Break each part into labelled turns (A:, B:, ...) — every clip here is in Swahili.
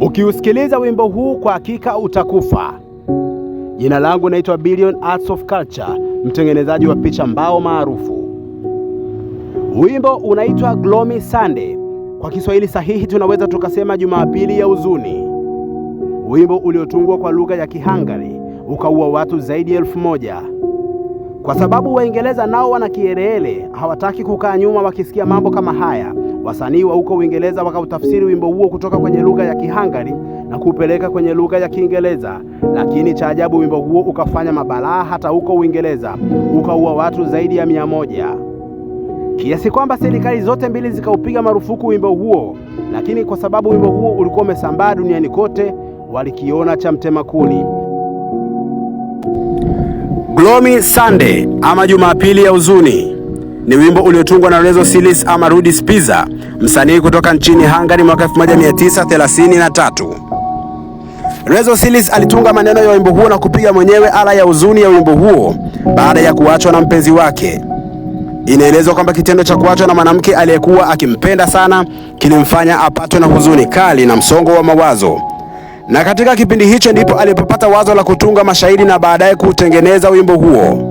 A: Ukiusikiliza wimbo huu kwa hakika utakufa. Jina langu naitwa Billion Arts of Culture, mtengenezaji wa picha mbao maarufu. Wimbo unaitwa Gloomy Sunday, kwa Kiswahili sahihi tunaweza tukasema Jumapili ya huzuni. Wimbo uliotungwa kwa lugha ya Kihangari ukaua watu zaidi ya elfu moja kwa sababu Waingereza nao wana hawataki kukaa nyuma wakisikia mambo kama haya. Wasanii wa huko Uingereza wakautafsiri wimbo huo kutoka kwenye lugha ya Kihangari na kupeleka kwenye lugha ya Kiingereza, lakini cha ajabu, wimbo huo ukafanya mabalaa hata huko Uingereza, ukaua watu zaidi ya mia moja kiasi kwamba serikali zote mbili zikaupiga marufuku wimbo huo, lakini kwa sababu wimbo huo ulikuwa umesambaa duniani kote, walikiona cha mtema kuni. Gloomy Sunday ama Jumapili ya huzuni ni wimbo uliotungwa na Rezo Silis ama Rudi Spiza, msanii kutoka nchini Hungary mwaka 1933. Rezo Silis alitunga maneno ya wimbo huo na kupiga mwenyewe ala ya huzuni ya wimbo huo baada ya kuachwa na mpenzi wake. Inaelezwa kwamba kitendo cha kuachwa na mwanamke aliyekuwa akimpenda sana kilimfanya apatwe na huzuni kali na msongo wa mawazo, na katika kipindi hicho ndipo alipopata wazo la kutunga mashairi na baadaye kuutengeneza wimbo huo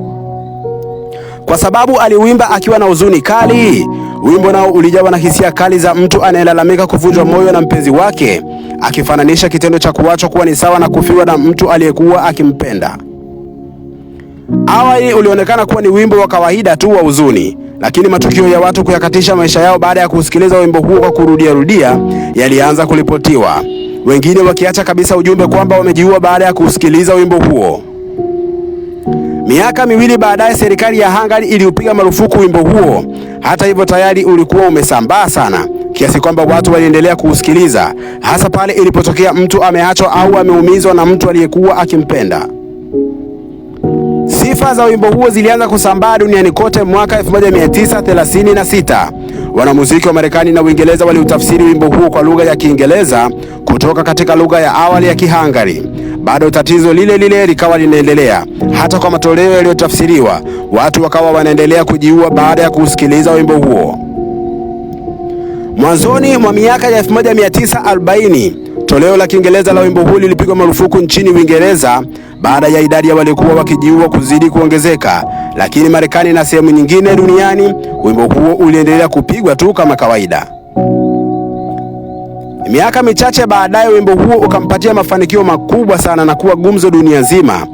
A: kwa sababu aliuimba akiwa na huzuni kali. Wimbo nao ulijawa na hisia kali za mtu anayelalamika kuvunjwa moyo na mpenzi wake, akifananisha kitendo cha kuachwa kuwa ni sawa na kufiwa na mtu aliyekuwa akimpenda. Awali ulionekana kuwa ni wimbo wa kawaida tu wa huzuni, lakini matukio ya watu kuyakatisha maisha yao baada ya kusikiliza wimbo huo kwa kurudiarudia yalianza kuripotiwa, wengine wakiacha kabisa ujumbe kwamba wamejiua baada ya kusikiliza wimbo huo. Miaka miwili baadaye, serikali ya Hungary iliupiga marufuku wimbo huo. Hata hivyo, tayari ulikuwa umesambaa sana kiasi kwamba watu waliendelea kuusikiliza, hasa pale ilipotokea mtu ameachwa au ameumizwa na mtu aliyekuwa akimpenda. Sifa za wimbo huo zilianza kusambaa duniani kote mwaka 1936 Wanamuziki wa Marekani na Uingereza waliutafsiri wimbo huo kwa lugha ya Kiingereza kutoka katika lugha ya awali ya Kihangari. Bado tatizo lile lile likawa linaendelea. Hata kwa matoleo yaliyotafsiriwa, watu wakawa wanaendelea kujiua baada ya kusikiliza wimbo huo. Mwanzoni mwa miaka ya 1940 Toleo la Kiingereza la wimbo huu lilipigwa marufuku nchini Uingereza baada ya idadi ya waliokuwa wakijiua kuzidi kuongezeka, lakini Marekani na sehemu nyingine duniani wimbo huo uliendelea kupigwa tu kama kawaida. Miaka michache baadaye, wimbo huo ukampatia mafanikio makubwa sana na kuwa gumzo dunia nzima.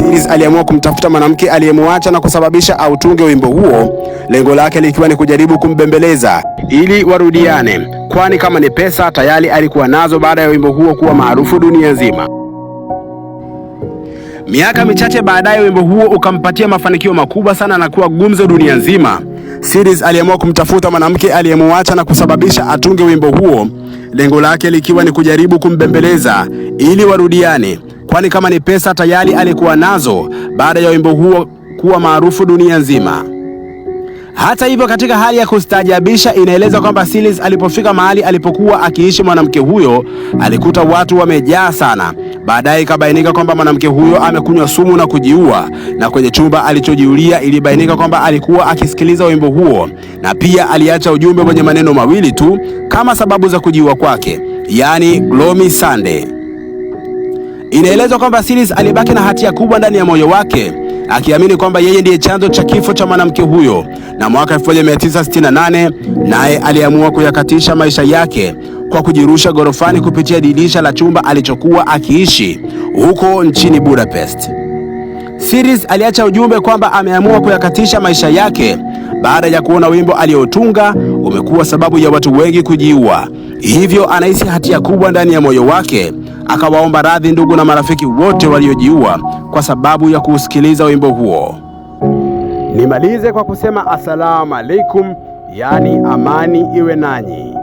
A: Harmonize aliamua kumtafuta mwanamke aliyemwacha na kusababisha autunge wimbo huo, lengo lake likiwa ni kujaribu kumbembeleza ili warudiane, kwani kama ni pesa tayari alikuwa nazo baada ya wimbo huo kuwa maarufu dunia nzima. Miaka michache baadaye wimbo huo ukampatia mafanikio makubwa sana na kuwa gumzo dunia nzima. Series aliamua kumtafuta mwanamke aliyemwacha na kusababisha atunge wimbo huo, lengo lake likiwa ni kujaribu kumbembeleza ili warudiane, kwani kama ni pesa tayari alikuwa nazo baada ya wimbo huo kuwa maarufu dunia nzima. Hata hivyo, katika hali ya kustaajabisha, inaeleza kwamba silis alipofika mahali alipokuwa akiishi mwanamke huyo alikuta watu wamejaa sana. Baadaye ikabainika kwamba mwanamke huyo amekunywa sumu na kujiua, na kwenye chumba alichojiulia ilibainika kwamba alikuwa akisikiliza wimbo huo, na pia aliacha ujumbe kwenye maneno mawili tu kama sababu za kujiua kwake, yaani Gloomy Sunday. Inaelezwa kwamba Silas alibaki na hatia kubwa ndani ya moyo wake akiamini kwamba yeye ndiye chanzo cha kifo cha mwanamke huyo, na mwaka 1968 naye aliamua kuyakatisha maisha yake kwa kujirusha gorofani kupitia dirisha la chumba alichokuwa akiishi huko nchini Budapest. siris aliacha ujumbe kwamba ameamua kuyakatisha maisha yake baada ya kuona wimbo aliotunga umekuwa sababu ya watu wengi kujiua, hivyo anahisi hatia kubwa ndani ya moyo wake akawaomba radhi ndugu na marafiki wote waliojiua kwa sababu ya kuusikiliza wimbo huo. Nimalize kwa kusema asalamu alaikum, yaani amani iwe nanyi.